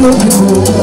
no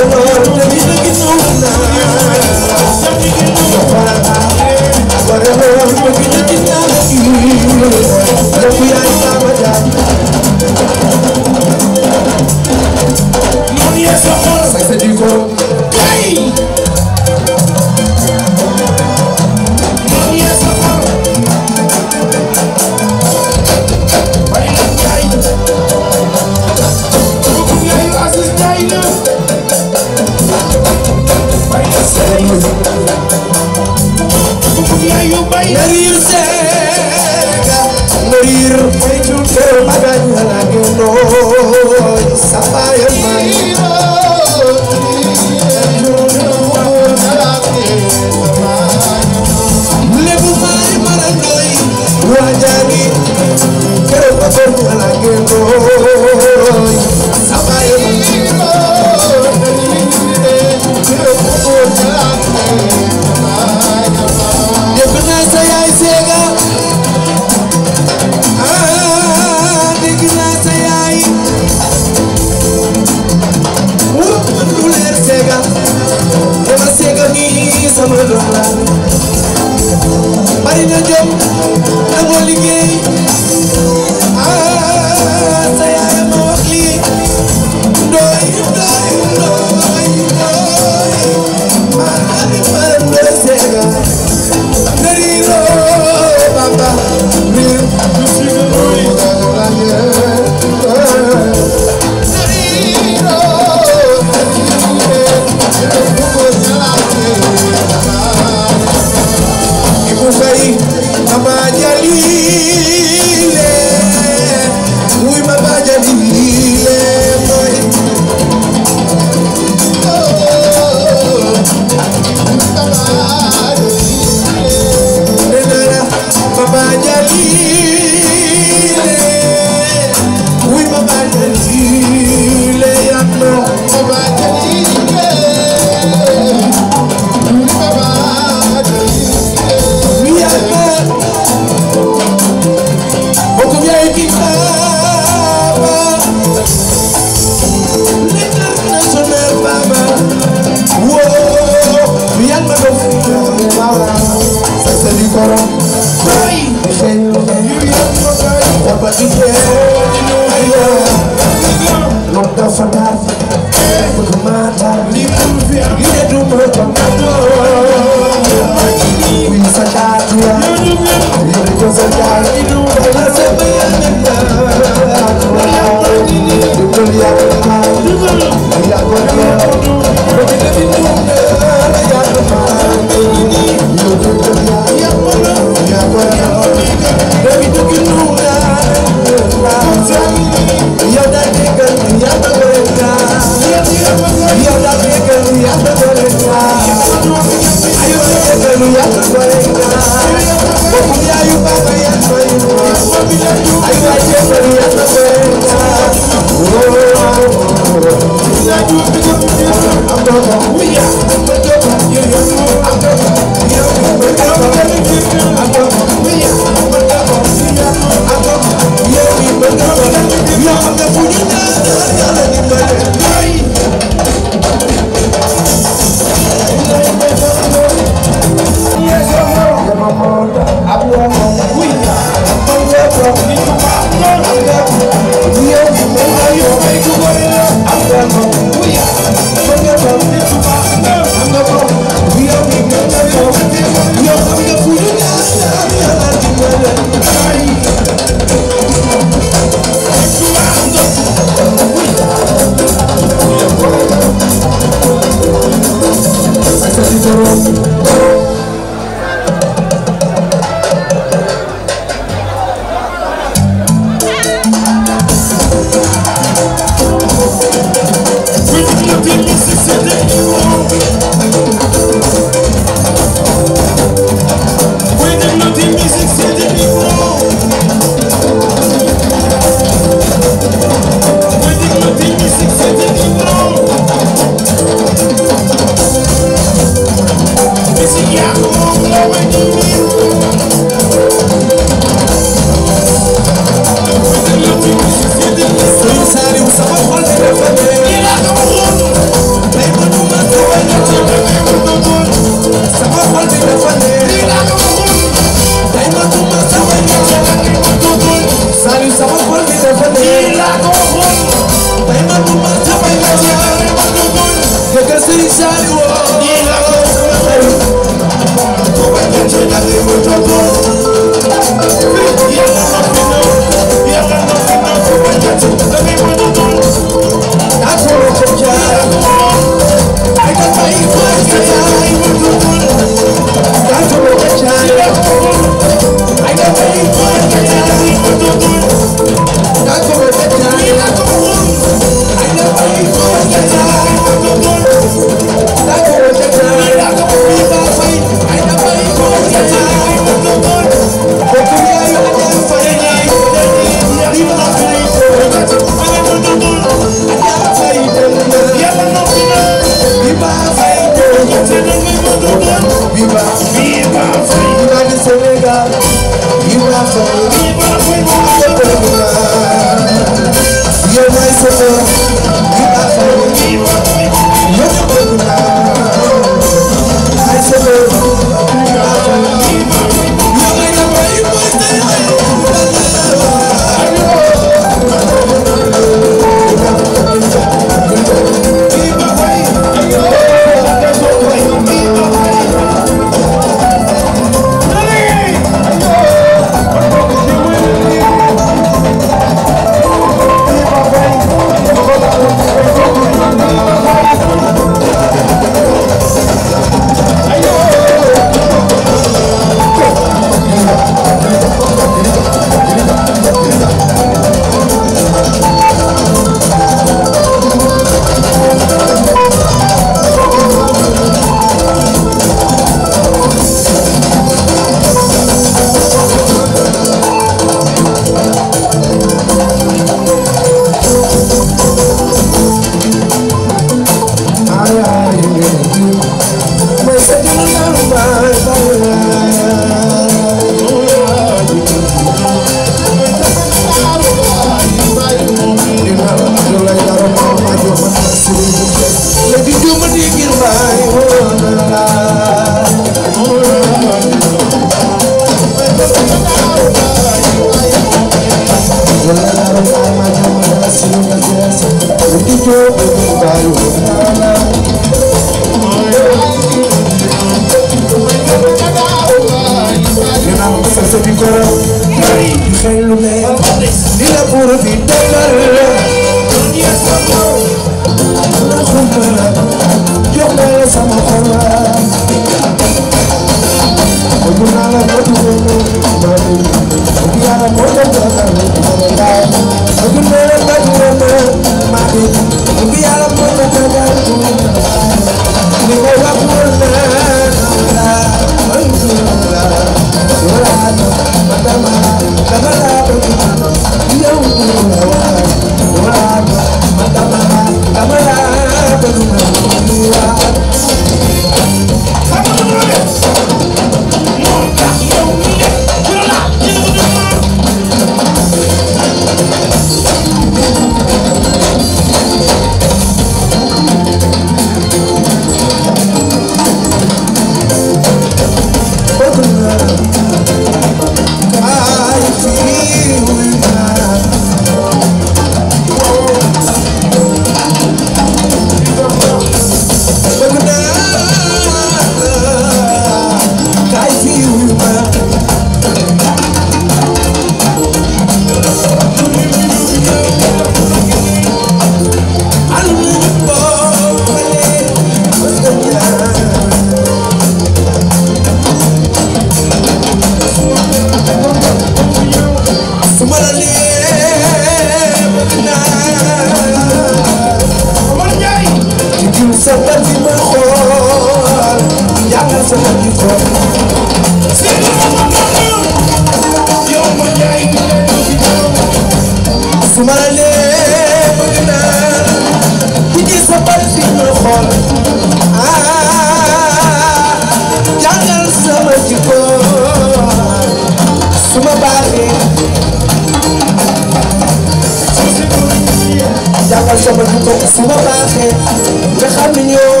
Moussa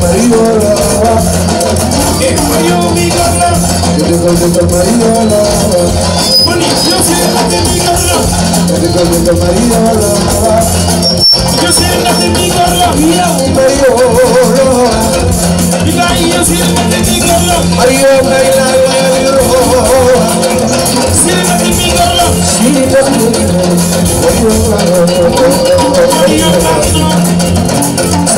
Mariola. En Miami gana. Yo te conté con Mariola. Mani, yo sé la de mi gana. Yo te conté con Mariola. Yo sé la de mi gana. Mira mi Mariola. Mira, yo sé la de mi gana. Mariola y la Mariola. Sé la de mi gana. Sí, la de mi gana. Mariola. Mariola.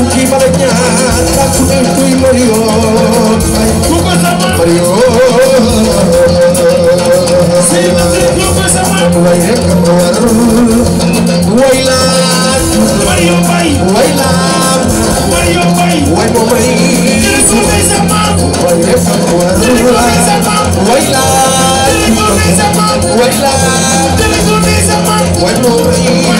fukki fan ak ñaar sàkku del kuy Mario ay ku ko sama Mario sima ku ko sama way rek ko war way laat Mario bay way laat Mario bay way mo bay ku ko sama way rek ko war way laat way laat way mo bay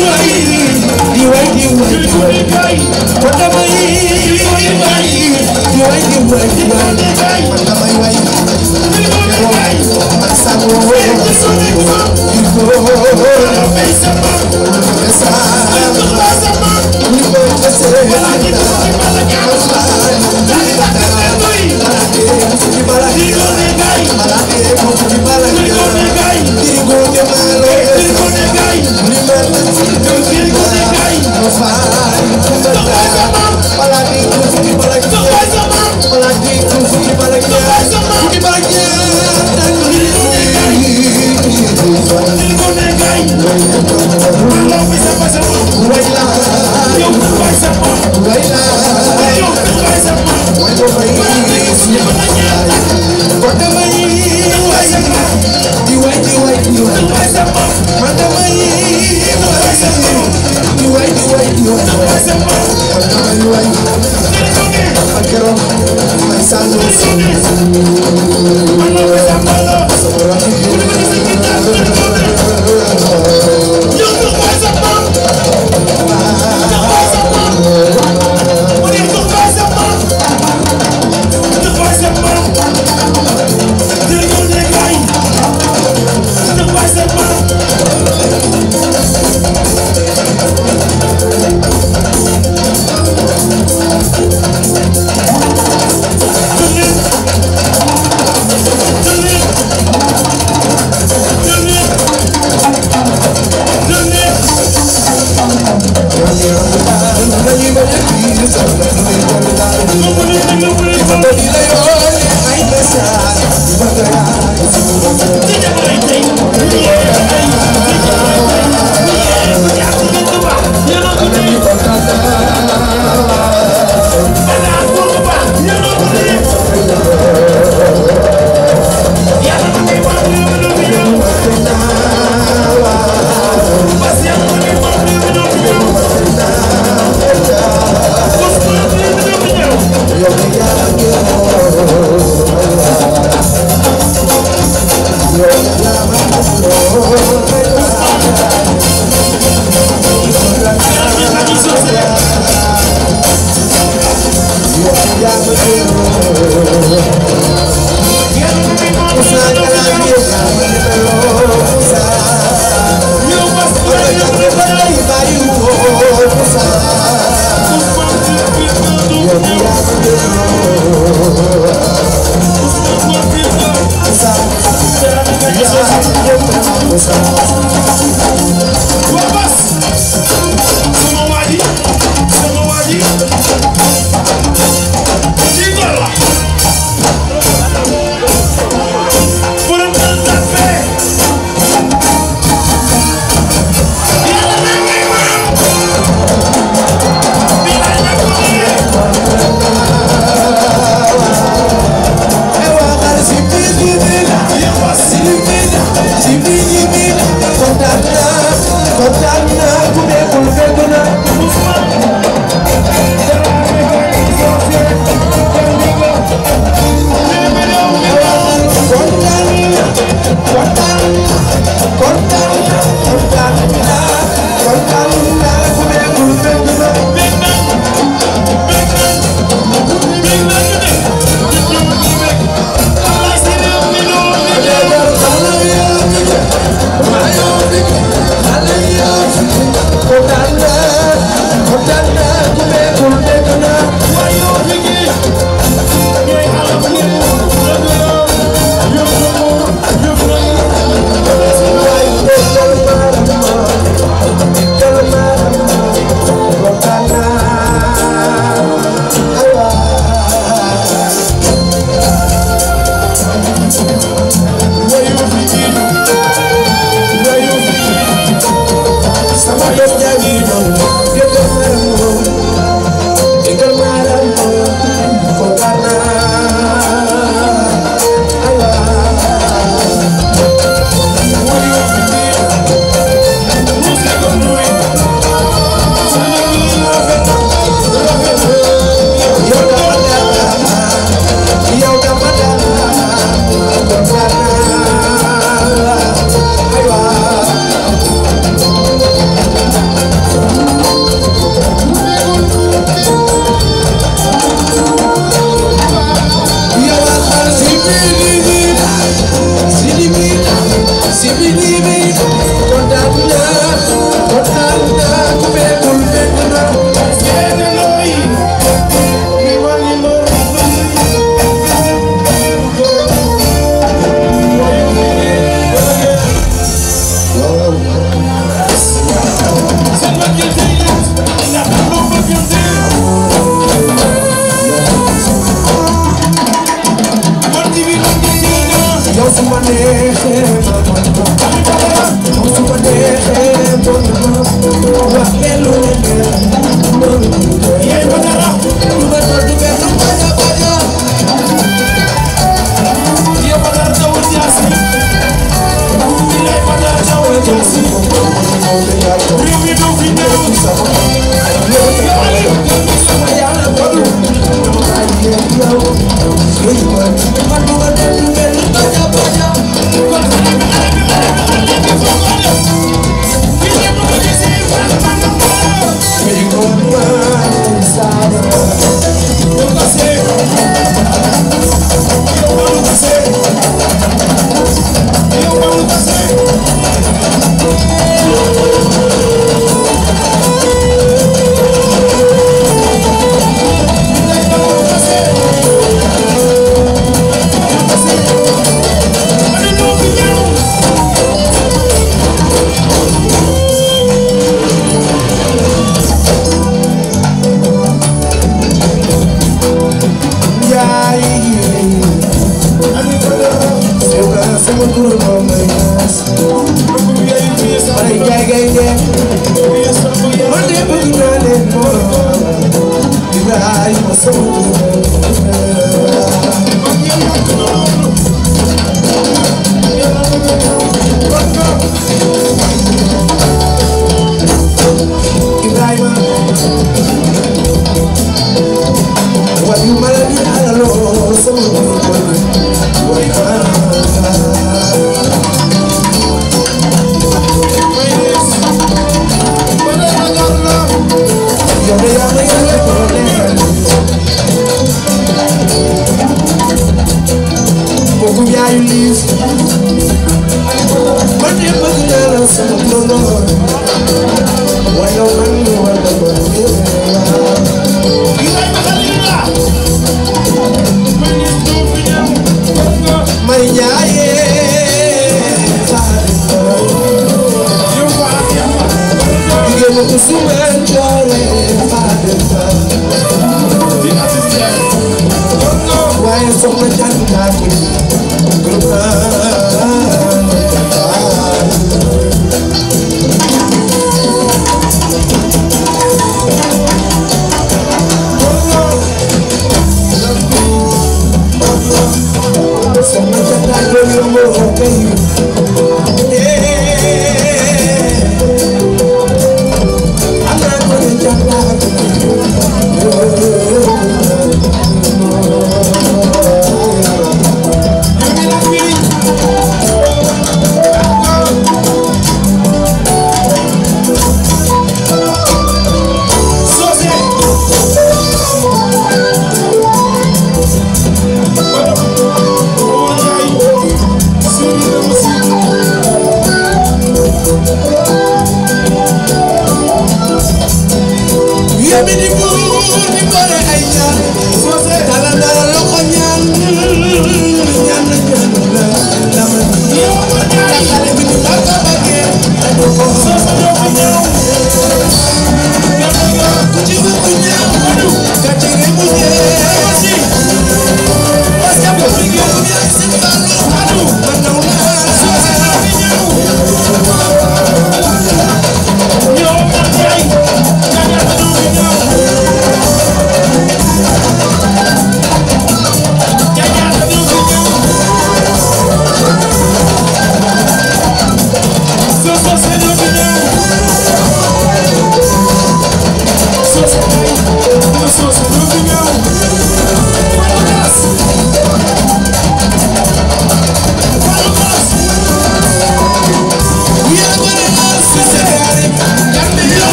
Digo, te malo, Manda amanhã Thank you.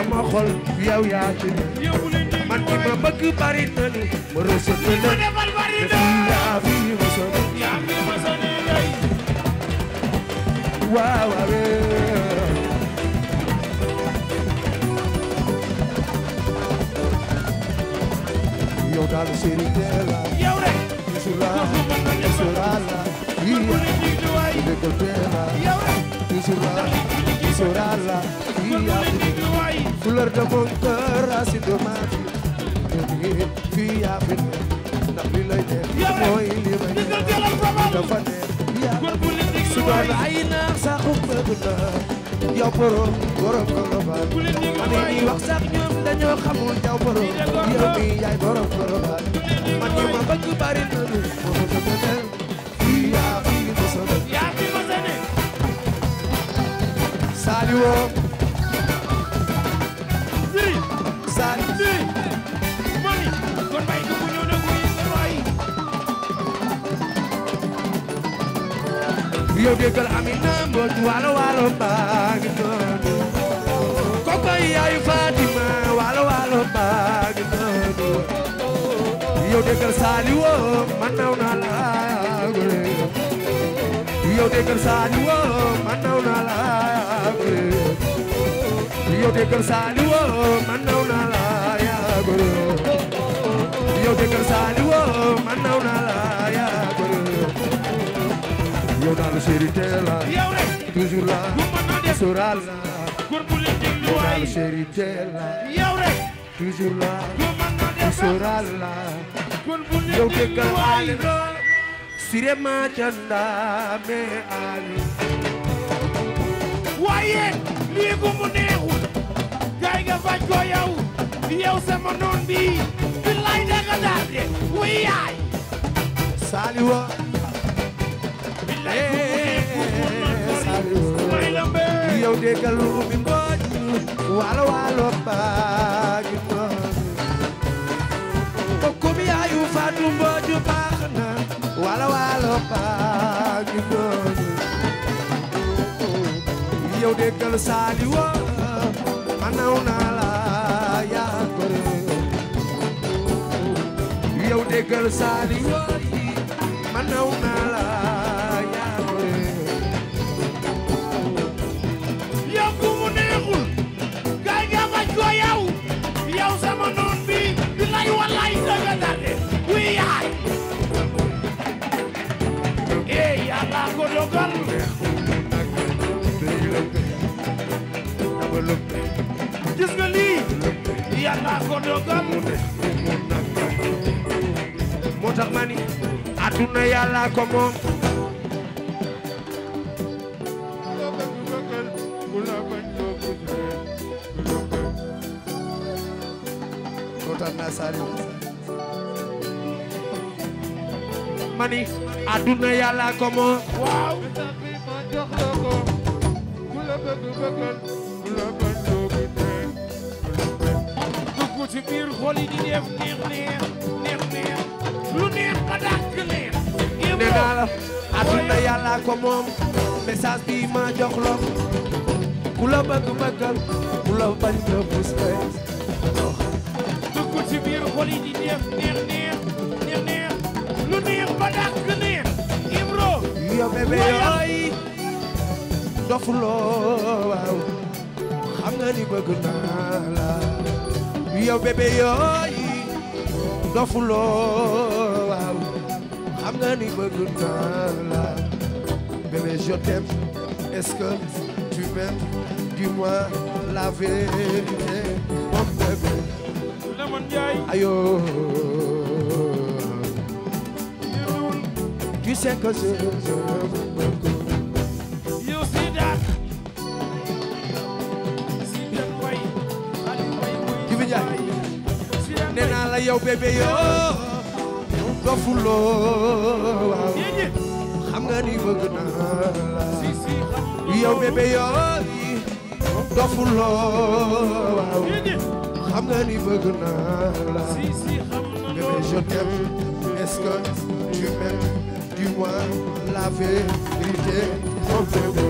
sama xol yow yaa ci man ñi ma bëgg bari nañu ma rësët na yaa fi ma sonn waaw waaw yow daal sëriñ de la yow rek sura la Isura, Isura la fii fleur de mon cœur racine de ma vie fii Afrique ndax li lay def mooy li may def dafa neex su doon ay naax sax bëgg na yow borom borom kolobaal man yi wax sax ñoom dañoo xamul yow borom yow mi yaay borom kolobaal man yi ma bëgg bari na lu woo siri saan siri mani kon bay ko ñëw na ko yeen way yo déggal amina mbot walo walo baag noonu ko koy yaay Fatima walo walo baag noonu yo déggal saali woo man naw naa la yow déggal saali woo man naw naa la yow de kër Saliou naa la yaa góor yow de kër Saliou naa la yaa góor yow daal chéri teel la toujours la sóoraal la ma canda me Aliou waaye lii bu mu neexul gaay nga bañ ko yow yow sama noon bi billaay da nga daal de wuy yaay saaliwa billaay bu mu neexul may lambe yow de galu mi mboj walo walo baagi mboj bokkum yaayu faatu mboj baax na walo walo baagi mboj yow déggal saaliwa manaw naa la yaa gore yow déggal saaliwa manaw naa la yàlla ko dogal moo tax ma ni àdduna yàlla ko moom kontaan naa Saliou ma ni àdduna yàlla ko moom waaw ci biir xol yi di def neex neex neex neex lu neex ba dàkk neex nee naa la àdduna yàlla ko moom message bi ma jox la ku la bëgg bëggal ku la bañ nga bus fees dugg ci biir xol yi di def neex neex neex neex lu neex ba dàkk neex Ibro yo bébé yooy dofuloo waaw xam nga ni bëgg naa la yow bébé yooyu dofuloo waaw xam nga ni bëgg naa la bébé je t'aime que tu m'aimes dis-moi la vérité mon bébé ayo oh. tu sais que je, je yow bébé yoo dofuloo waaw xam nga ni bëgg naa la yow bébé yoo dofuloo waaw xam nga ni bëgg naa la bébé je t'aime est-ce que tu m'aimes dis-moi la vérité mon bébé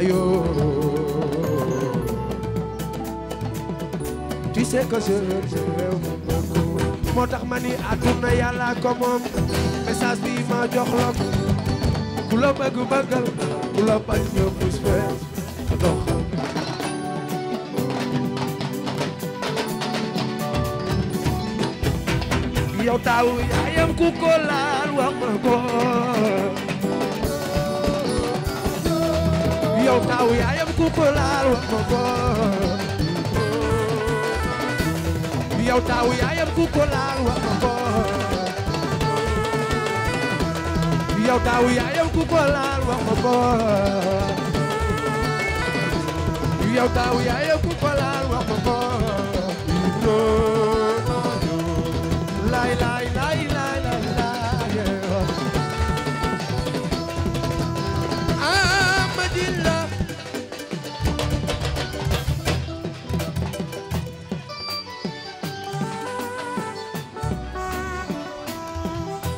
ayo c'est que je réew mu bokk moo tax ma ni àdduna yàlla ko moom la ko ku la bëgg bëggal ku la bañ nga bus fees dox yow taawu yaayam ku ko laal wax ma ku ko laal wax ma ko yow taawu yaayam ku ko laal wax nga ko yow taawu yaayam ku ko laal wax nga ko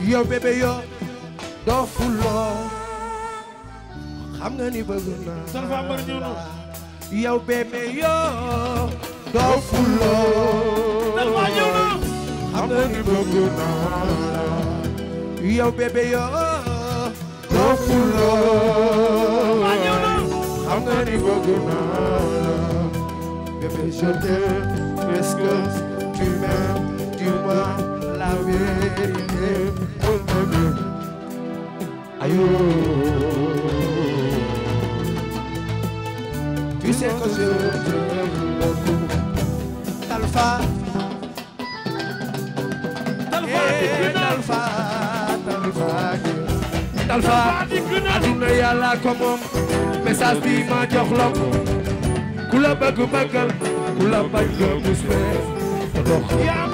yow bébé yow doo fuloo xam nga bëgg na yow bébé yow doo fuloo xam nga bëgg naa yow bébé yow doo fuloo xam nga bëgg naa bébé je t'aime est-ce que you. Tu sais que je t'aime beaucoup. Talfa. Talfa. Talfa. Aduna yàlla ko moom. message bi ma jox la ko. ku la bëgg bëggal. ku la bañ nga mus fee.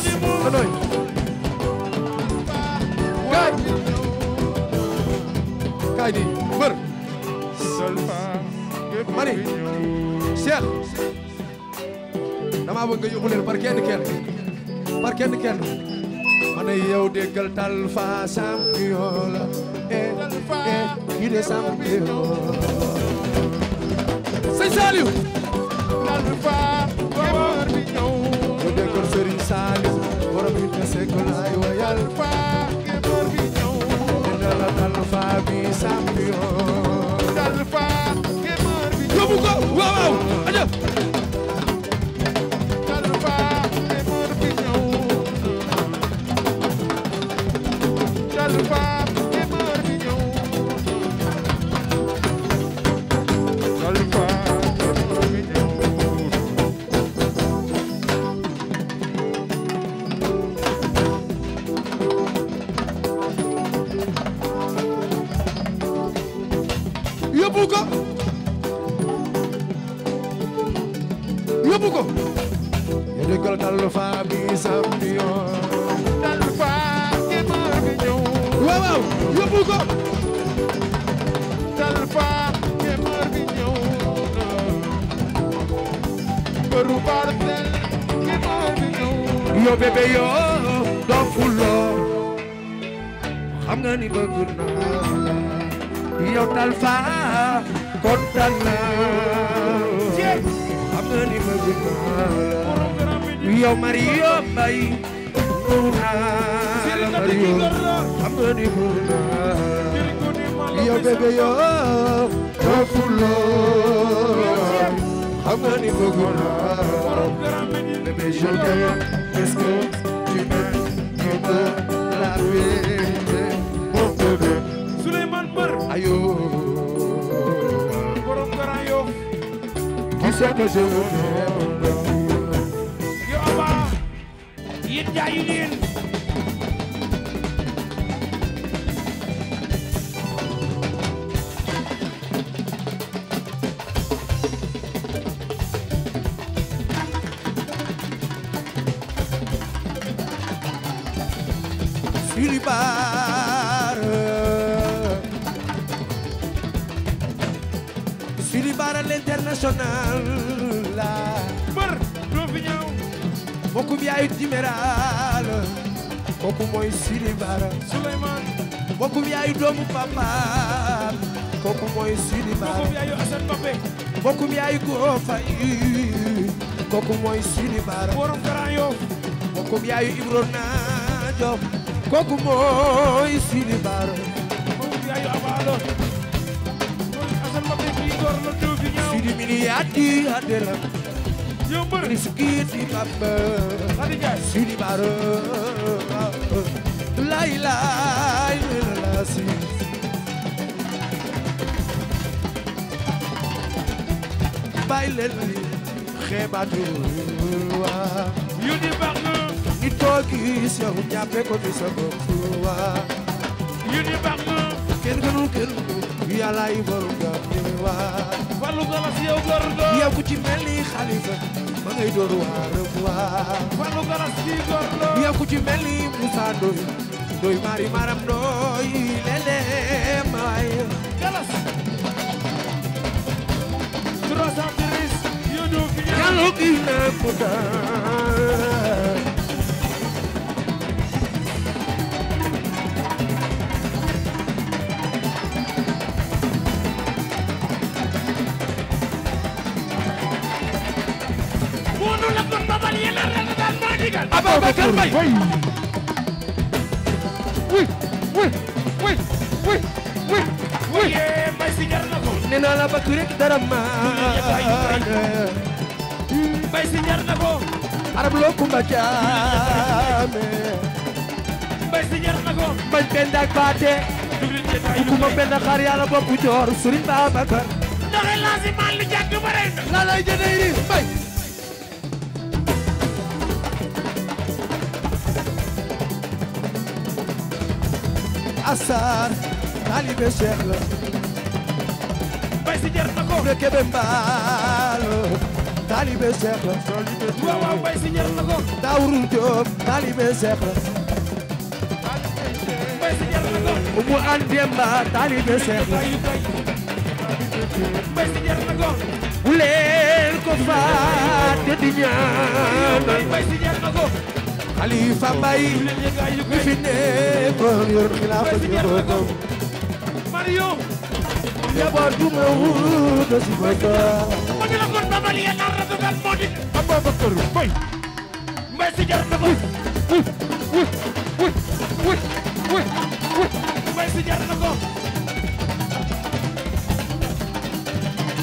Oloy kaay kaay di mbër mani Cheikh dama bëgg nga yóbbu leen par kenn kenn par kenn kenn ma ne yow déggal Talfa champion la eh eh kii de champion sëñ Saliou Talfa de kër Sëriñ Saliou borom bi na sekol ay wayal faa ke bor bi ñëw dina la dal faa bi champion waaw waaw mooy Sidi Bara borom Grand Yoff kooku yaayu Ibro Naajo kooku mooy Sidi Bara kooku yaayu Abalo mooy Assane Mbacké bi door na dew bi ñaaw Sidi miliyaati adela yombar riski di Bamba Bara la ilaha illallah Sidi bàyyi leen xeebatu waa yu ni nit koo gis yow jàppe ko fi sa bopp waa yu ni baax na kenn gënul kenn du yi borom gàmbi waa wàllu galas yow góor góor yow ku ci mel ni xalifa ma ngay door waa rëb waa galas bi góor góor yow ku ci mel ni Moussa Ndoye Ndoye mari maram Ndoye lele maay galas رقينا فتى أبا بكر بي وي وي وي وي وي وي وي وي وي وي وي وي وي وي bay si ñar arab loo kumba caame bay si ñar na ko bañ benn ak baate kuma benn xar yàlla boppu joor Serigne Babacar doxe laasi lay jëndee ri bay asar taalibe Cheikh la bay si ñar na kebe mbaalo taalibe Seex la waaw waaw bay si ñeer na ko Daawurul Jóob taalibe Seex la bay si ñeer na ko Umu Andemba taalibe Seex la bay si ñeer na ko bu leen ko fàtte di bay si ñeer na Xalifa Mbay mi fi nekkoon yor xilaafa ji bokkam Mario ya du ma wut si bokkam telefon babal ya nar na dugal moo di Aboubacar Mbaye Mbaye si jar na Mbaye si jar na ko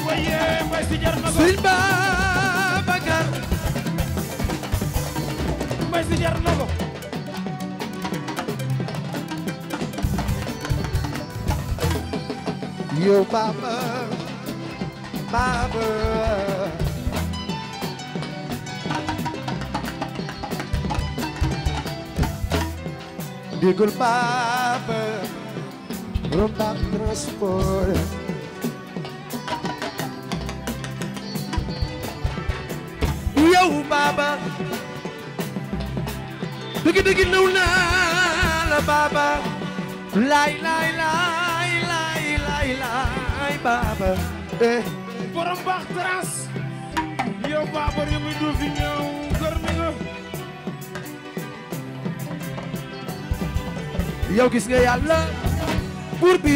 waye Mbaye si jar na ko Serigne Babacar Mbaye si jar na ko yow Baba Baba di colpava roba transport yow baba dëgg dëgg naw naa la baba lay lay lay lay lay lay baba eh borom baax trans yow e baba réew mi du fi ñëw yow gis nga yàlla buur bi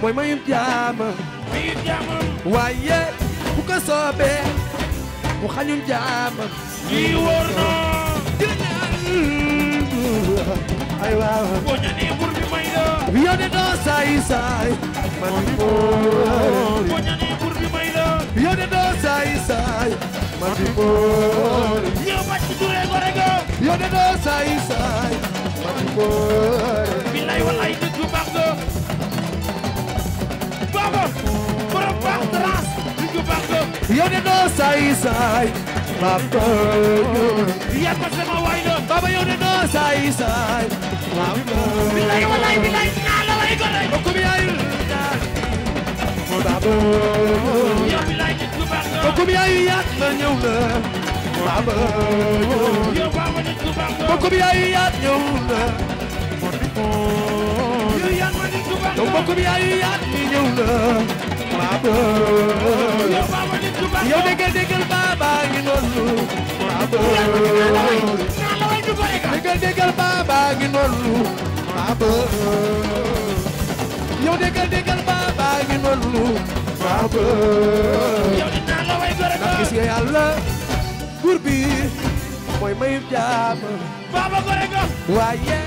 mooy mayum jaama mayum jaama waaye bu ko soobee mu xañum jaama ñi wóor na ay waaw boo may la yow de doo saay saay man bi boori boo ñaanee buur bi may la yow de doo saay saay man saay bëre billaay wallaay nit yu baax nga baba borom baax traas nit yu baax nga yow de doo saay saay ma bëgg yow de doo saay saay ma bëgg billaay wallaay billaay naa la way gore o kum yaayu mo da bëgg yow billaay nit yu baax nga o kum yaayu yaat na ñëw na mbokk bi yaay yaat ñëw na yow mbokk bi yaay yaat mi ñëw na maa bëgg yow déggal déggal baaba ngi noonu maa bëgg déggal déggal baaba ngi noonu maa bëgg yow déggal déggal baaba ngi noonu maa bëgg ndax gis nga yàlla buur bi mooy mayu jaam baba gore waaye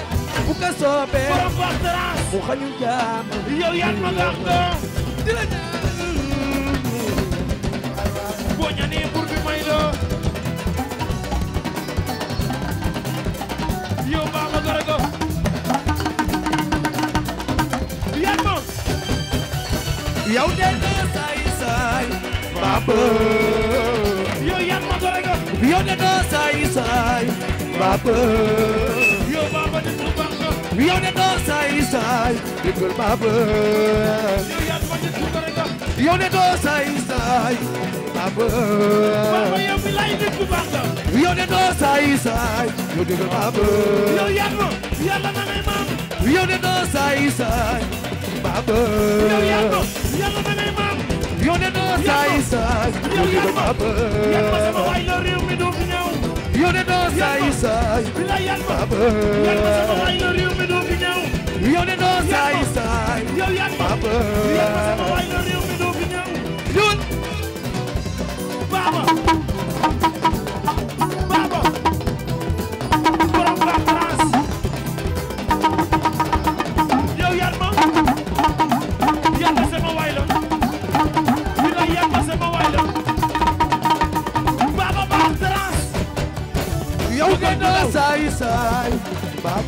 bu ko soobee borom forterance mu xañu jaam yow yaan ma nga boo ñaanee bur may la yow baba gore nga yaan ma saay saay baba yonenoo yow Bamba di tu Bamba yonenoo saay saay déggal Bamba yow yaa ma di tu Bamba yonenoo saay yow mi lay di tu Bamba yonenoo saay yow déggal Bamba yow yaa ma yàlla na ngay maam yonenoo yow yaa ma yàlla yow de doo saay saay yow yàgg ma yàgg ma sama waay la réew mi du fi ñëw yow de doo saay saay bilaay yàgg ma yàgg ma sama waay la réew mi du fi ñëw yow de doo saay saay yow yàgg ma yàgg ma sama waay la réew mi du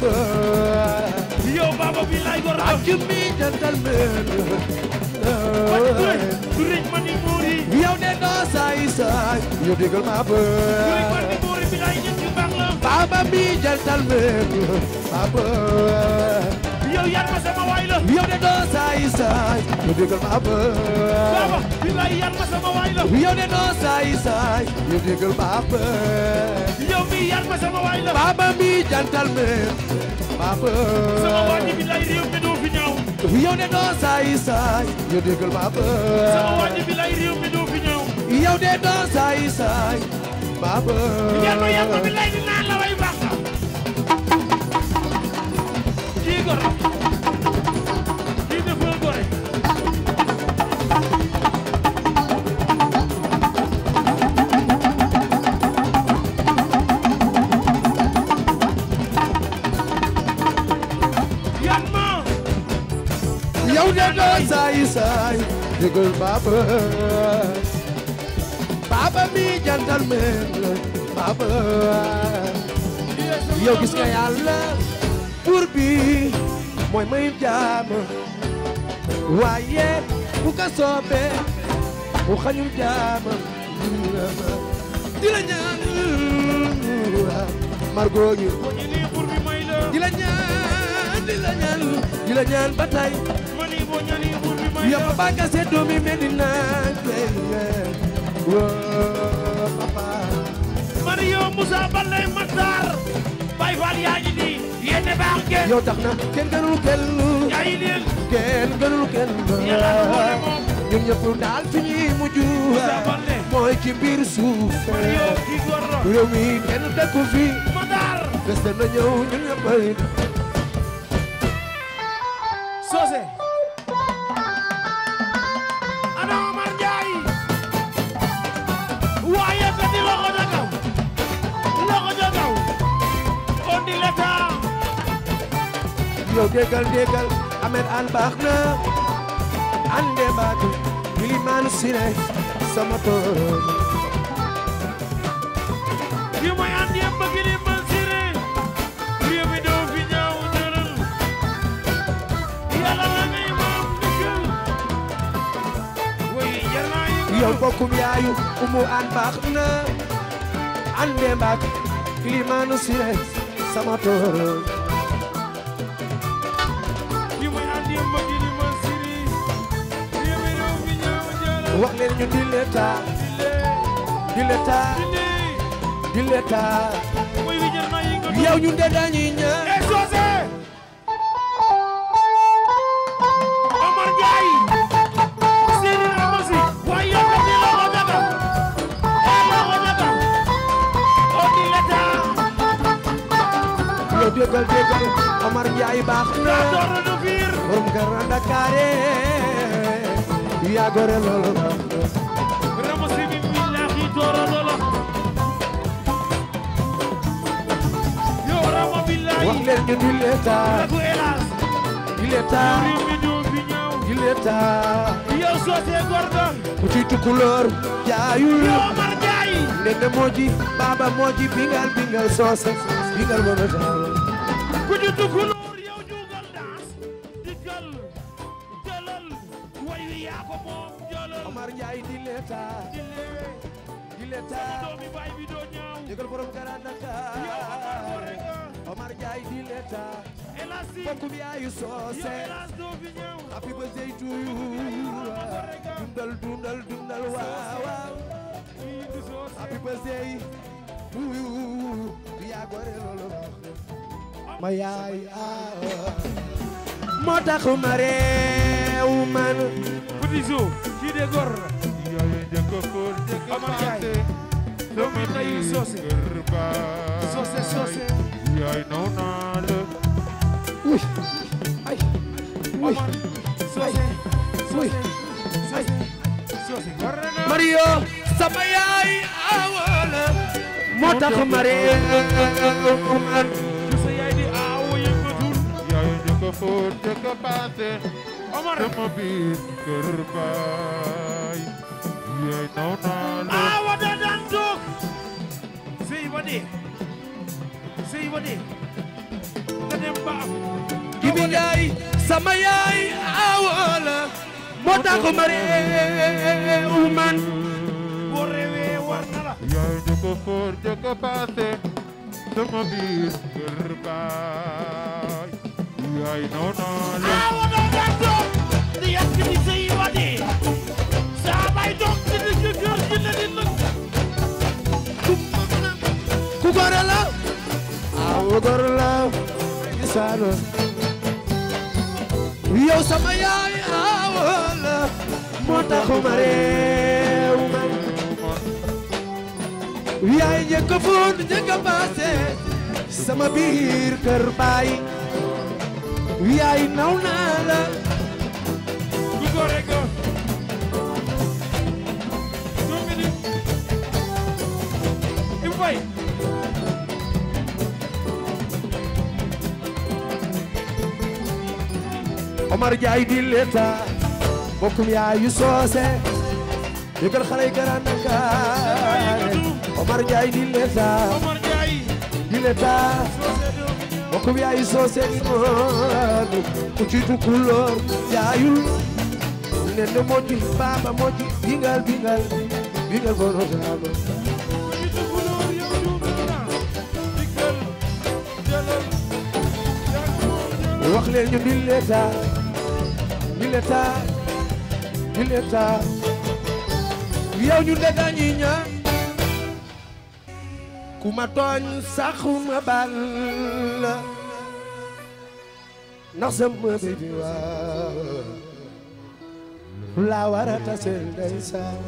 yow baba bi lay gor ak mi jantal men du rek man ni muri yow de do say say yow digal ma ba man ni muri bi lay ñëpp yu baax la baba bi jantal men baba yow yar ma sama waay la yow de do say say yow digal ma ba baba bi lay yar ma sama waay la yow de do say say yow digal ma ba mi yar ma sama waay la baba mi jantal me baba sama waay bi lay réew mi doo fi ñaaw yow de doo saay saay yow déggal baba sama waay bi lay réew mi doo fi ñaaw yow de doo saay saay baba ñaan yar ma bi lay di naan la way baax jiigor déggal baaba baaba mi jantal meen la baaba yow gis nga yàlla buur bi mooy may jaam waaye bu ka mu xañum jaam di la ñaan margo ñu di la di la ñaan di la ñaan ba ya papa kaseto mi medina wo papa Mario Moussa Ballay Matar Baye Fall yaa ngi nii yéen a baax ngeen yow tax na kenn gënul kenn yaa ngi leen kenn gënul kenn ñun daal fi ñuy mujj mooy ci biir suuf réew mi kenn dëkku fi Matar bés na ñëw ñun ñëpp déggal déggal Ahmed an baax na ande baatu Willimane Sine sama tool yi mooy an yëpp ak Willimane Sine réew mi doo fi ñaaw dëral yàlla la ngay maam dëggal way yàlla yi yow wax leen ñu di l'état di l'état di l'état yow ñun de dañuy ñaan exaucé Omar Ndiaye seen ramosi waaye yow ni la ko daga ay la ko daga o oh, di l'état yow déggal déggal Omar Ndiaye baax na borom Grand yaa gore loolu rama billaahi wax leen ñu du leetaa ragu soosee gordon ku ci tukulóor jaayul yow Omar Njaay ndende mooji baaba mooji bingal bingal soose bingal moom ku ci tukulóor letaa di yaa gore loolu ma yaay moo tax ma réew man petit jour kii de gor jëkkëfoor jëkkëmaate sama nay kër baay soose soose yaay naw naa la uy ay uy soose uy ay soose Mario sama yaay awala moo tax ma reer man sa yaay di aaw yëngatul yaay biir kër baay a wadadan took sey waɗe sey waɗe gaden baam gimi yaay sama yaay awala mota ko mari uman ko rewe warnala yaay joko for joko paase sama biir kër baay yaay noonale gor laa gisaana yow sama yaay aawal moo taxuma réew man yaay njëkk fuun njëkk paase sama biir kër baay yaay naw naa la du gore ga du minute Omar Jaay di leeta bokkum yaayu soose yëgal xale yi Grand Dakar Omar Jaay di leeta di leeta bokkum yaayu soose di noonu ku ciitu kulóor yaayul nen ne moji baaba moji bingal bingal bingal bono daama wax leen ñu di leeta il est tard il est tard yow ñun ku ma tooñ saxuma baal la ndax sama baby waaw laa war a tase ndeysaan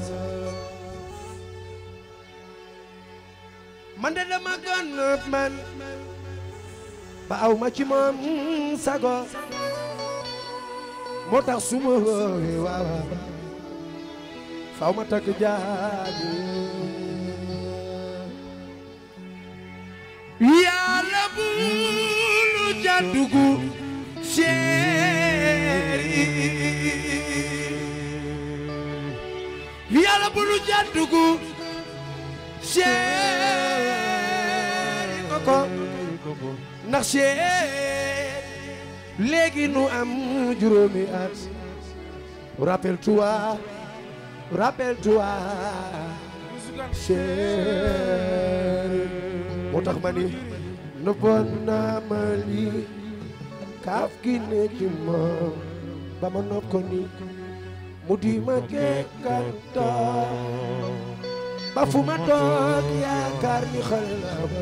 man de dama gën man ba aw ma ci moom sago moo tax su ma woowee waaw faaw ma takk jaaju yàlla bu lu jàddugu chéri yàlla bu lu jàddugu chéri koko ndax chéri léegi nu am juróomi at rappelle-toi rappelle-toi chéri moo tax ma ni nu bon naa ma lii kaaf gi nekk ci moom ba ma nopp ni mu di ma gekkantoo ba fu ma toog yaakaar ni xale la ba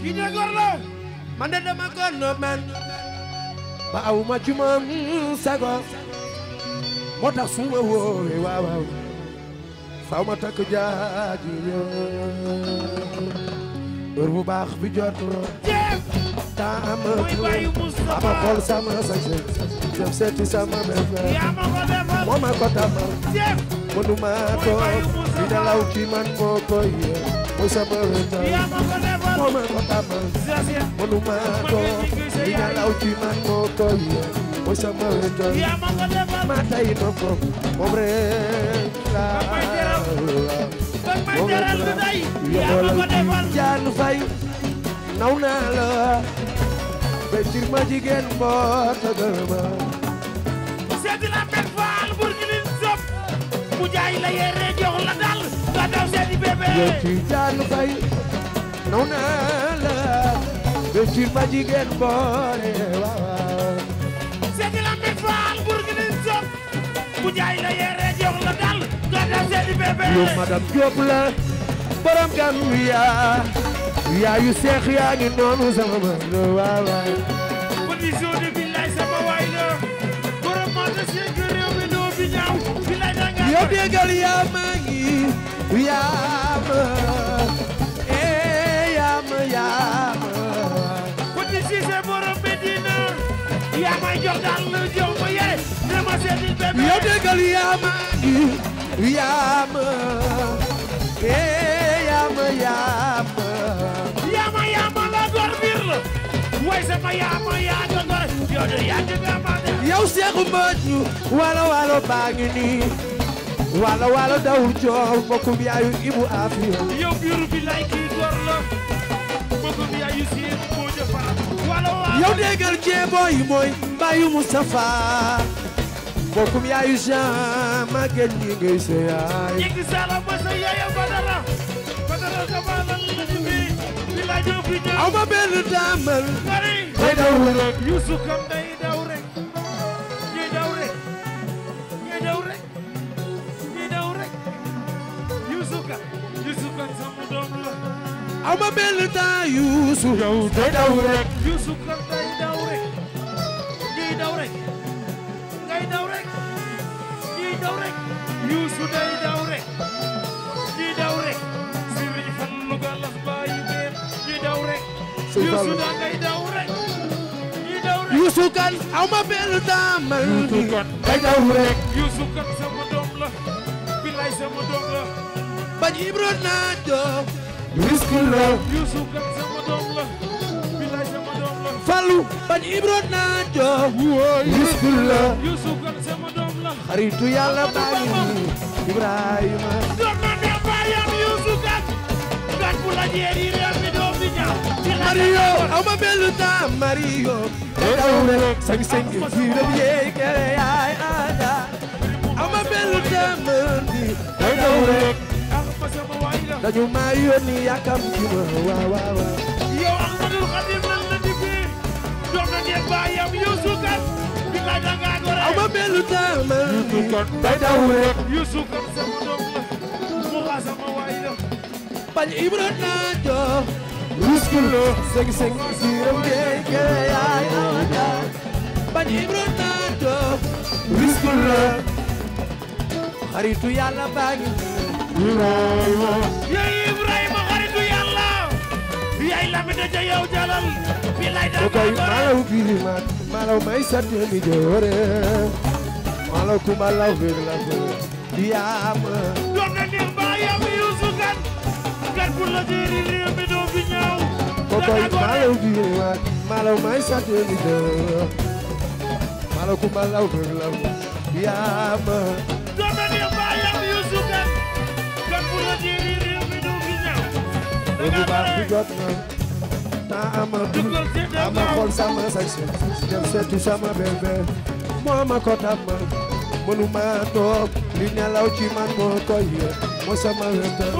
ki ña góor la man de dama ko nopp man ba aw ma ci moom sago moo tax su ma woowee waaw ma takk jaaji bër bu baax bi jot taa amatul ama xool sama sañse jëm seeti sama bébé moo ma ko tàmbal mënuma toog di dalaw ci moo koy mooy sama wétal moo ma ko tàmbal mënuma ko li nga law ci man moo koy mooy sama wétal maa tay no ko moom rek laa moom rek laa yowala jaanu fay naw naa la bëccir ma jigéen boo tëgal ma seeti naa benn faal burgilin sop mu jaay la yére jox la dal nga daw seeti bébé yow Tidiane Faye naw naa la bécir ma jigéen boole waaw seeti la mi faal bur gi nin sop bu jaay la yére jox la dal nga daw seeti bébé yow madame Diop la borom Gambia yaayu seex yaa ngi noonu sama ma lo waaw condition de vie lay sama waay la borom ma ta seeg mi loo bi ñaaw bi lay dangaa yow déggal yaa maa yaama ee eh, yaama yaama ku ci siise borom Medina yaama jox daal lu jox ma yee ne ma seeti bébé yow déggal yaama gi yaama ee eh, yaama yaama yaama yaama la dormir la way sama yaama yaa jogor yow de yaa jogor yow seexu mbëj walo walo baa ngi nii wala wala dawul coow mbokkum yaayu ibu afiya yow biiru bi kii door la mbokkum yaayu siin boo jëfaa wala wala yow déggal jee booy mooy mbaayu Mustafa mbokkum yaayu Jean Maguette ñi ngay sa yaay ñi sala ba sa yaaya badara badara sama lan bi bi lay jofi aw ma benn daamal bari day dawul rek Yuusu kam day ama mel taa Yuusuf yow day daw rek Yuusuf kan day daw rek ñiy daw rek ngay daw rek ñiy daw rek Yuusuf day daw rek ñiy daw rek siri fan nu galas bàyyi bee ñiy daw rek Yuusuf da ngay daw rek ñiy daw rek Yuusuf kan ama mel taa man day daw rek Yuusuf kan sama doom la bilaay sama doom la bañ Ibro naa doom miskin la Youssou kat sama doom la billaay sama doom la Fallou bañ Ibro naa jox miskin la Youssou kat sama la xaritu yàlla baa ngi ma ne baayam Youssou kat kat bu la jeeri réew mi doom bi ñaaw Mario ama belu ta Mario e daw sang sang fi do yeey kere ay ada ama belu ta mën di dañu maa yónni yakam ci ma waaw waaw waaw yow Ahmadul Xadim lan doom na ne baayam yow sukar bi la danga gore aw ma melu taama la mu sama waay la bañ ibra naa jox ruskulo sëg si rew dee kere yaay awata bañ ibra naa jox ruskulo xaritu yàlla baa yey Ibrahima xaritu yàlla yey Lamine ja yow jalal bilay da ko malaw birima malaw may sat mi joore malaw ku malaw bir la ko doon na ni mbayam Yuusu gan la jeri réew mi doo ñaaw ko koy malaw birima malaw may sat mi joore malaw ku malaw bir la ko bu baax bi jot na naa ama ama xool sama sañ-sañ dem seetu sama bébé moo ma ko tàmm mënuma toog li nelaw ci man moo koy yee moo sama wétal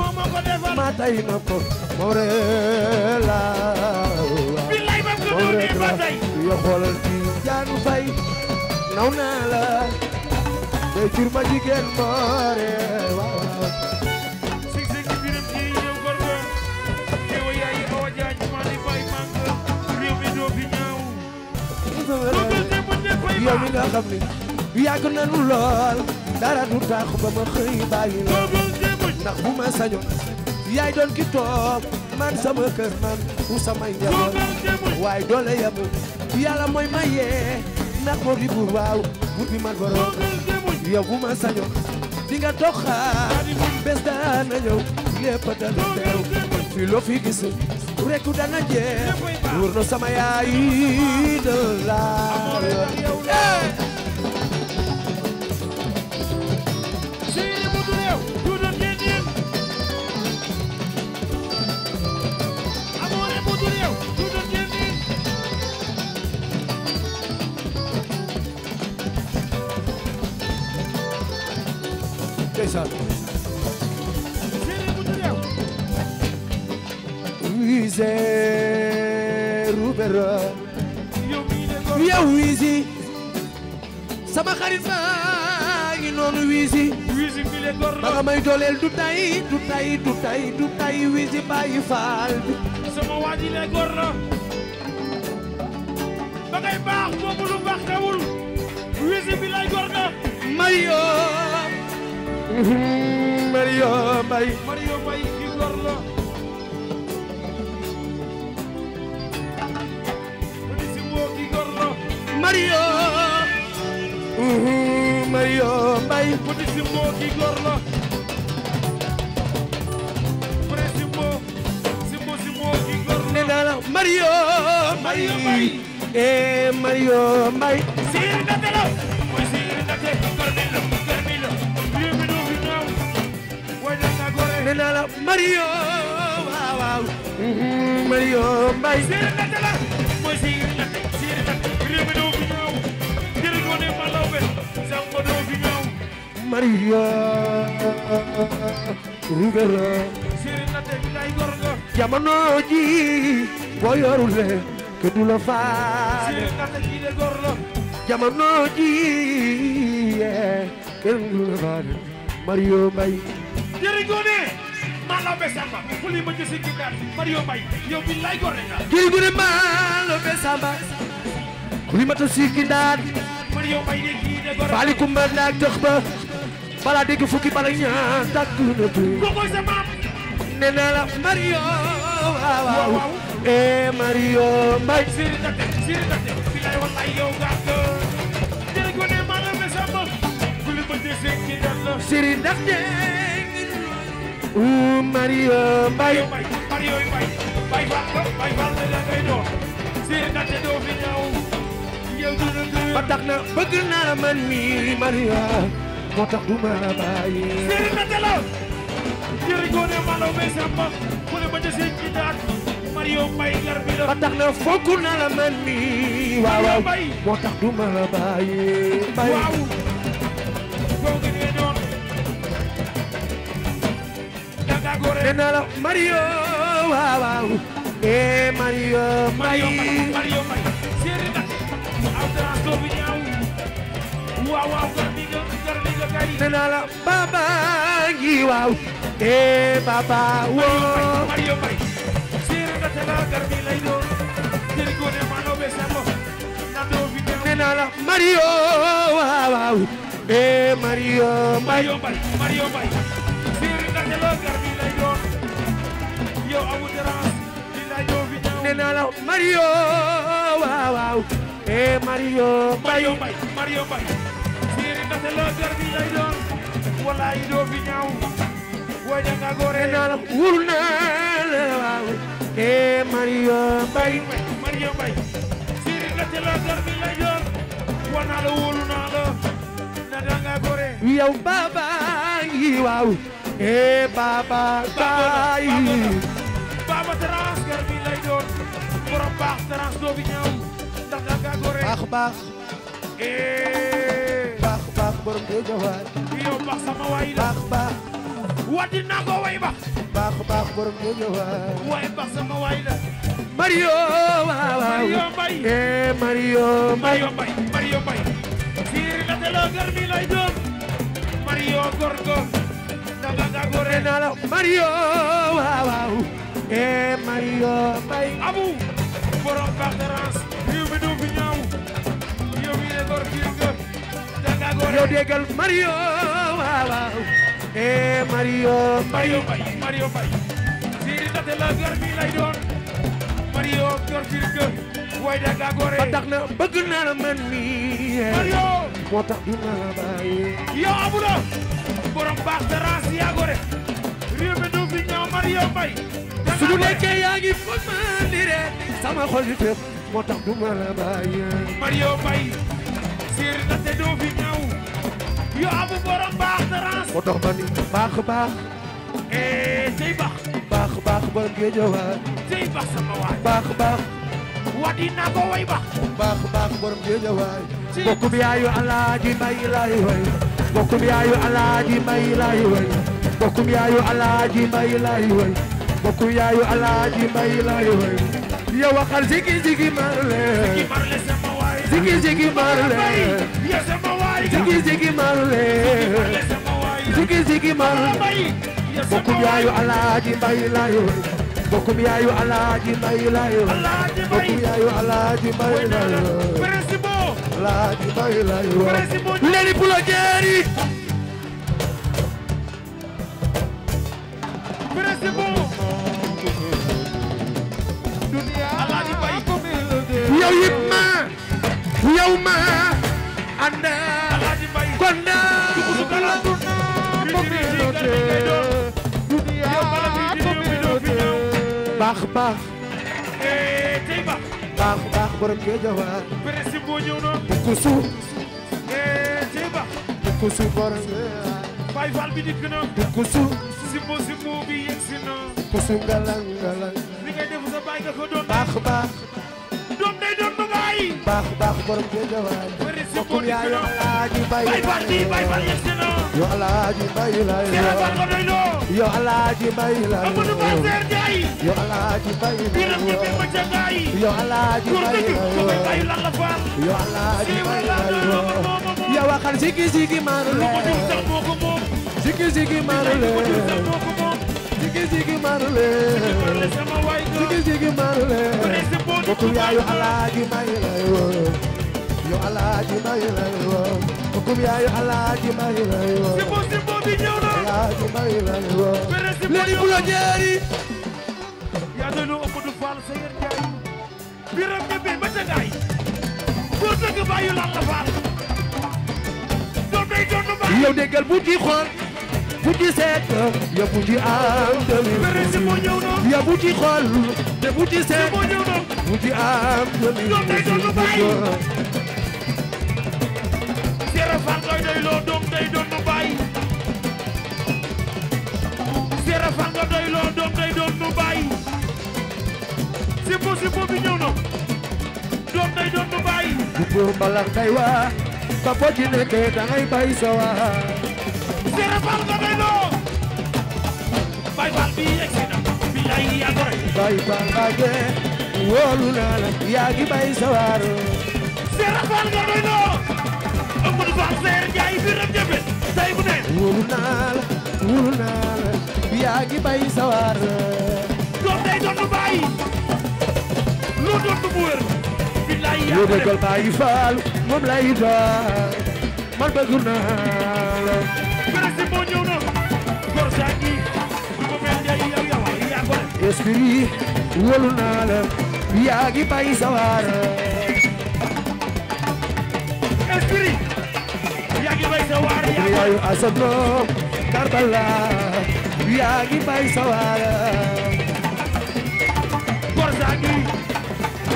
ma tay na ko moo ree laaw moo ree laaw yoo xoolal ci jaanu fay naw naa la day jur ma jigéen moo ree waaw ko wëral yow nga xam ni yàgg nañu lool dara du tax ma xëy bàyyi la ndax bu ma sañoon yaay doon ki man sama man u samay njaboot waaye doole yamu yàlla mooy maye ndax moo di buur waaw buur bi man borom yow bu ma sañoon di nga toog xaar bés daan na ñëw lépp dana teew fi loo fi gis rek dana jeex wóor na sama yaay da laa yow Jason. zéro bera wiisi sama xarit ngi noonu wiisi ba nga may dooleel du tay du tay du tay du tay wiisi bàyyi faal bi sama waaji le góor la ba ngay baax boobu lu wiisi bi lay góor na Mario Mario Mario Mbaye Petit Simbo ki góor la Petit Simbo Simbo Simbo ki góor la nee naa la Mario Mario Mbaye eh Mario Mbaye siir ndate la mooy siir ndate góor bi la góor bi la yéen bi doo fi naaw way na nga gore nee naa la Mario waaw waaw uh-huh, Mario Mbaye siir ndate la mooy siir ndate siir ndate réew mi doo Maria ngara jamono ji boo yorule ke du la faale jamono ji eh, kenn du la faale Mario Mbaye jërigone malo be samba fuli ma jësi gitaar Mario Mbaye yow bi lay gor rek jërigone malo be samba fuli ma jësi gitaar Mario Mbaye Fally Coumba Ndak jox ba bala dégg fukki bala ñaar tàkk na tuuti. kooku sa maam. nee la Mario waaw Mario Mbaye. Siri Tate Siri Tate. bilaay wallaay yow nga am. jërëjëf la mais sama. bu lu bëgg see doo fi ñëw. ba tax na bëgg naa la man mi Maria moo tax ma bàyyi sëriñ na ba desee ci daak Mario Mbay gar bi la ba tax mi waaw waaw moo tax du ma bàyyi waaw foogi door bi ñaaw waaw waaw garab yi nga garab yi nga kay nee naa la baba ngi waaw eh baba woo Mario Mbay séeréer na tala garab yi lay doon jëri goone maa noo bee sama na door bi ñaaw nee naa la Mario waaw waaw eh Mario Mbay Mario Mbay séeréer na tala garab yi lay doon yow amu dara li lay doon bi ñaaw nee naa la Mario waaw waaw e Mario Mbaye Mario Mbaye séeri ndate la garbi lay doon wallaay doo fi ñaaw way da nga gore naa la wul naa la waaw e Mario Mbaye Mario Mbaye séeri garbi lay doon wa naa la wul naa la na da nga gore yow baba yi waaw e baba bayi baba trans garbi lay doon borom baax trans doo fi ñaaw sax da nga gore baax baax baax baax borom de jawaay yow baax sama waay la baax baax wadi naa ko way baax baax baax borom de jawaay way baax sama waay la Mario waaw waaw eh Mario Mario Mbaye Mario Mbaye fiir la te loo gër mi lay doon Mario gorgo da nga gore naa la Mario waaw waaw eh Mario Mbaye abu borom préférence yow déggal Mario waaw waaw eh Mario Mario Faye Mario Faye siri na te la gër bi doon Mario gër ci gër way gore ba tax na bëgg naa la man eh. Mario moo tax du borom baax dara si yaa gore réew mi du fi Mario Faye su nekkee yaa ngi foog sama xol moo tax du ma la Mario Faye séeréer na te doo fi ñëw yu amu borom baax darans moo tax ma ni baax baax ee eh, sey baax baax baax borom géej waay sey baax sama waay baax baax wadi naa ko way baax baax baax borom géej waay bokkum yaayu alaaji may laay way bokkum yaayu alaaji may alaaji may laay way bokkum yaayu alaaji may laay way yow waxal sigi sigi marle sigi Ziggy Ziggy Marley Ziggy Ziggy Marley Ziggy Ziggy Marley bokkum yaayu Alaaji Mbay Layo bokkum yaayu Alaaji Mbay Layo bokkum yaayu Alaaji Mbay Layo Alaaji Mbay Layo leni pulo jeeri yow yëpp yow ma anda kon naa ko communauté dunia communauté baax baax baax baax borom kee jawaar bukku su bukku su borom bay fal bi dikk na bukku su simbo simbo baax baax baax baax borom géejawaay bokkum yaa yo alaaji mbay lay yo alaaji mbay lay yo alaaji mbay lay yo alaaji mbay lay yo alaaji mbay lay yo alaaji mbay lay ya waxal sigi sigi maanu leen sigi sigi maanu leen jigi jigi marule jigi jigi marule kooku yaa yu alaaji may lay woo yu alaaji may lay woo kooku yaa yu alaaji may lay woo simbo simbo bi ñëw na alaaji may lay woo léegi bu la jeeri yaa doy lu ëpp du faal sa yër jaay biram ñebe ba ca gaay góor dëgg bàyyi lan la faal doon day doon ba yow déggal bu di xool bu ci seet ya bu ci am tamit ya bu doom day doon nu bàyyi Sëriñ Fall doom day doon nu bàyyi sipo sipo bi doom day doon nu bàyyi bu góor waa ba boo nekkee dangay bàyyi sa Seera Faal nga may loo Baay Faal bi egsi na bi ay yaa gore Baay Faal Mbàkke wóolu naa la yaa ngi bay sawaaro Seera Faal nga may loo Amadou Faal Seer Njaay biram jëfe say bu ne wóolu naa la wóolu naa la yaa ngi bay sawaaro doon day doon baay loo doon bu wër billaay yaa gore Baay Faal moom lay doon man bëgg naa la esprit wóolu naa la yaa ngi bàyyi sa waar esprit yaa ngi bàyyi sa waar yaayu asablo karbala yaa ngi bàyyi sa waar borsaagi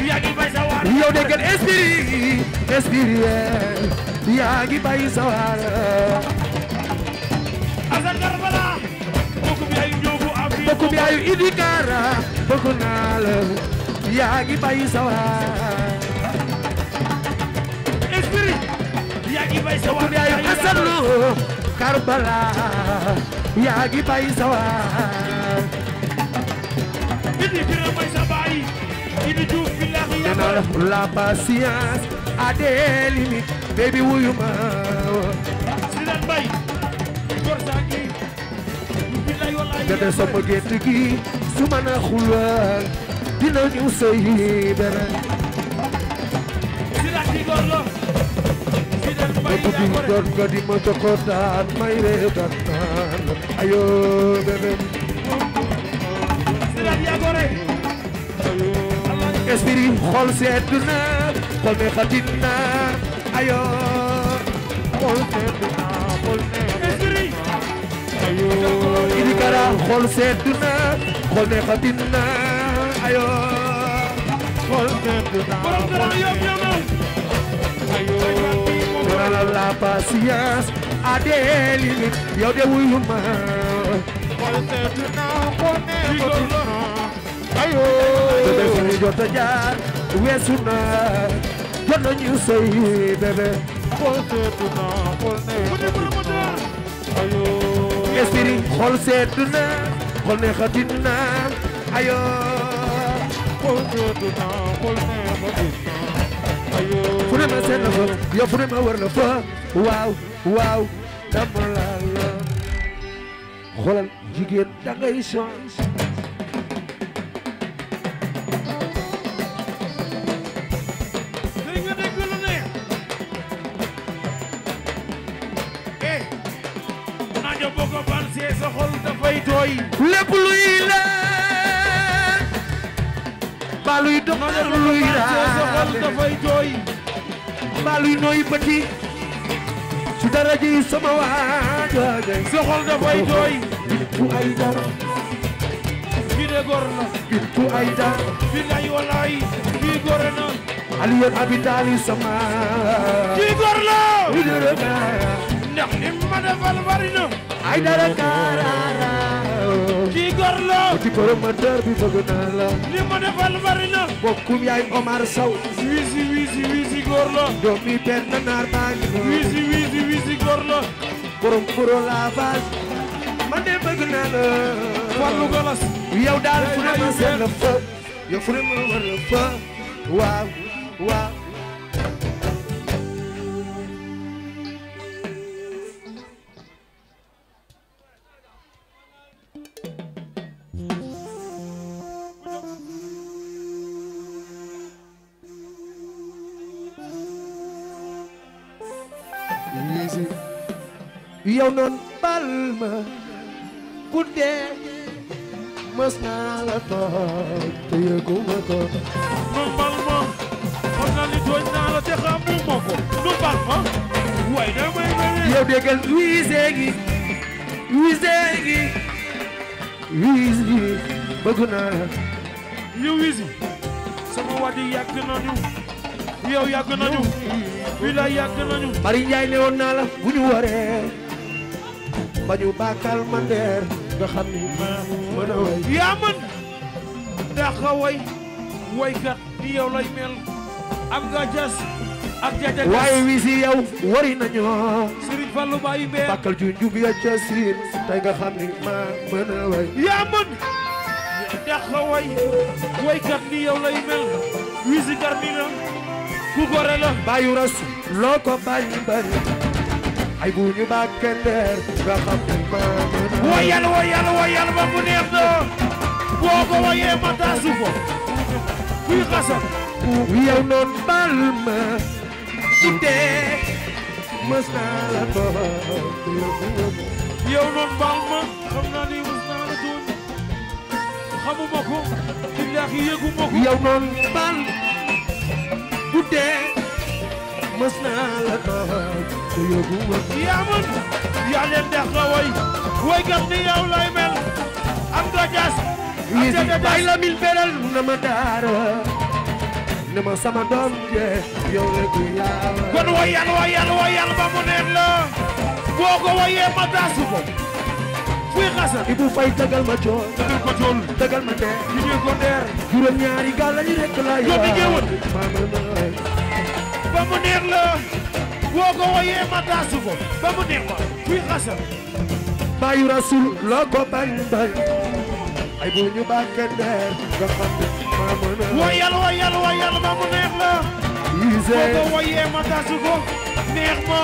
yaa ngi bàyyi sa waar yow de gën esprit esprit yaa ngi bàyyi sa waar doom yaayu Idi Kara bëgg naa la yaa ngi bàyyi sa waar esprit yaa ngi bàyyi sa waar doom yaayu Asan Lo Karbala yaa ngi bàyyi sa waar Idi Bira mooy sa baay Idi Juuf billaahi yaa naa la la patience a des limites baby wuyu ma Sidan Bay nga ne sama gént gi su ma neexul woon dina ñu sëyi beneen. mbokk bi doon nga di ma jokkotaan may reetaan naan ayoo bébé. esprit xool sedd na xool ne xatin na ayoo xool sedd na xool ne. Idy Kara xol sedd na xol neexati na ayo xol sedd na ayo la patience a des limites yow de wuyu ma xol sedd na xol neexati na ayo bébé fi ñu jot a jaar weesu na jot nañu sëy bébé xol sedd na xol neexati esprit xol sedd na xol neexati na ayo xol sedd na xol neexati na ayo fu ne ma seen la fa yow fu ma war la fa waaw waaw dama la la xolal jigéen da ngay change lépp luy leen ba luy doxal luy raale dafay jooy ba luy nooy bëti su dara ji sama waaja soxol dafay jooy bintu ay dara fi de góor la bintu ay dara fi lay walaay fi góor na aliyan abitali sama fi góor la ndax lim ma defal bari na ay dara kaaraara kii bi bëgg naa bokkum yaay Omar Sow wiisi wiisi wiisi góor doomi benn naar maa ngi wiisi wiisi wiisi góor la borom pro la base man de bëgg naa daal fu ne ma seen la fa yow fu ne ma war yow noon bal ma mës naa la tooñ te yëguma ko noon bal ma xam naa ni naa la te xamuma ko noon bal way damay bëre yow déggal wiise gi wiise gi wiis gi bëgg naa la yow wiis sama wadi yàgg nañu yow yàgg nañu wi la yàgg nañu Mari Njaay ne woon naa la bu ñu waree ba ñu mandeer nga xam ni maa mën a way yaa mën dàqa yow lay mel am nga jas ak jaja waaye wi si yow wari nañoo Serigne Fallou ya ca siin tey xam ni maa mën a way yaa mën dàqa yow lay mel wi si ku gore la bàyyu loo ko bàyyi bari ay bu noon bal ma guddee mës naa la tooñ yow noon bal ma xam naa ni mës naa la tooñ xamuma ko billaahi yëguma noon bal guddee mës naa la tooñ yaa mën yaa leen dex nga woy woy kat ni yow lay mel am nga jaas am nga la mil beral na ma daara ne ma sama doom je yow rek yaa kon woyal woyal woyal ba mu la boo ko ma taasu ko fuy xasal Ibou Faye tagal ma jool tagal ma jool tagal ma deer ñu ñuy ko deer juróom ñaari gàlla yi rek la yaa yow di géewal ba mu neex la boo ko ma taasu ko ba mu neex ma kuy xasal bàyyi rasul loo ko bañ ay bu ñu bàkke ndeer nga xam ne mën a woyal woyal woyal ba mu neex la boo ko woyee ma taasu ko neex ma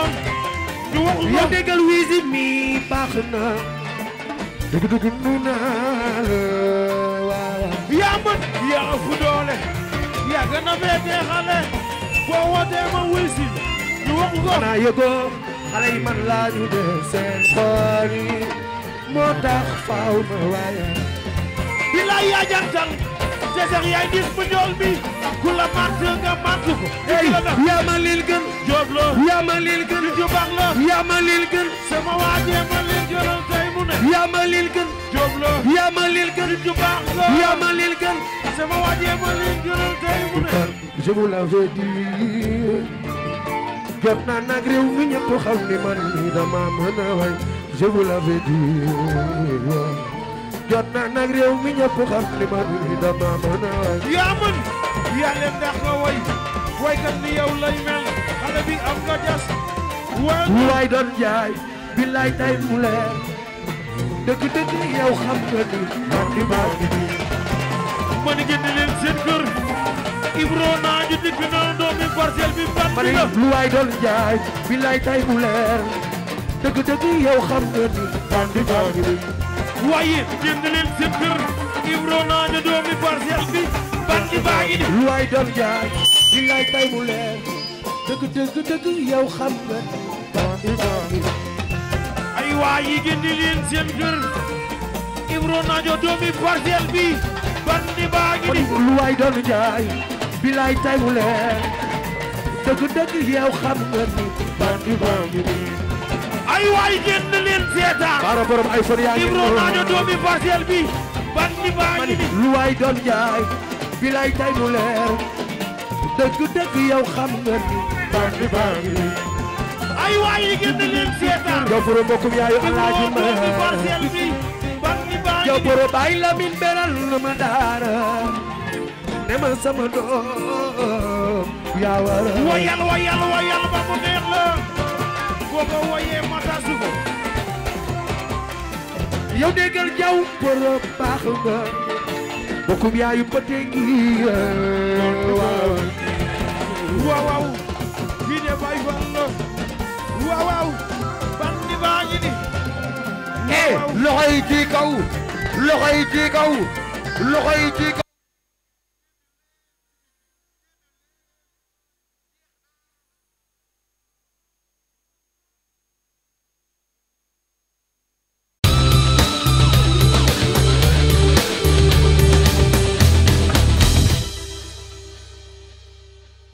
ñu wax la déggal wiisi mi baax na dugg naa la yaa mën yaa fu doole yaa gën a féete xale boo wootee ma wuy si xanaa yëgoo xale yi man laa ñu de seen xol yi moo tax faaw ma waaye bilaay yaa jantal te sax yaay gis bu ñool bi ku la màtt nga màtt ko ey yaa ma lil gën joob loo yaa ma lil gën ju baax la yaa ma lil gën sama waajee ma lil jolal tey mu ne yaa ma lil gën joob loo yaa ma lil gën ju baax la yaa ma lil gën sama waajee ma lil jolal tey mu ne je vous l'avais dit gëm naa nag réew mi ñëpp xam ni man mii dama mën a way je vous l'avais dit jot naa nag réew mi ñëpp xam ni man mii dama mën a way yaa mën leen dàq nga way waykat ni yow lay mel xale bi am nga jas waay doon jaay billaay tay mu leer dëgg dëgg yow xam nga ni man di maa ngi nii ma ni génne leen seen kër Ibro naa ju dikk na doomi parcelle bi bandi la lu waay doon jaay billaay tay mu leer dëgg dëgg yow xam nga ni bandi bandi waaye génne leen seen kër Ibro naa ju doomi ay waay yi génne leen seen kër Ibro naa ju bandi baa ngi ni lu waay doon jaay bilaay tay mu leer dëgg dëgg yow xam nga ni bandi baa ngi ni ay waay génn leen seetaan baara borom ay fan yaa ngi Ibro Nadio doomi parcelle bi bandi baa ngi ni lu waay doon jaay bilaay tay mu leer dëgg dëgg yow xam nga ni bandi baa ngi ni ay waay génn leen seetaan gafuru mbokkum yaayu alaaji ma yow boro baay Lamin beral na ma daara ne ma sama doom yaa war a woyal woyal woyal ba mu neex ko woyee ma tasu ko yow déggal jaw boro baax nga bokkum yaayu pëte ngi waaw waaw waaw kii ne baay fan la waaw ban ni baa ngi ni eh loxo yi ci kaw loxo yi ci kaw loxo yi ci kaw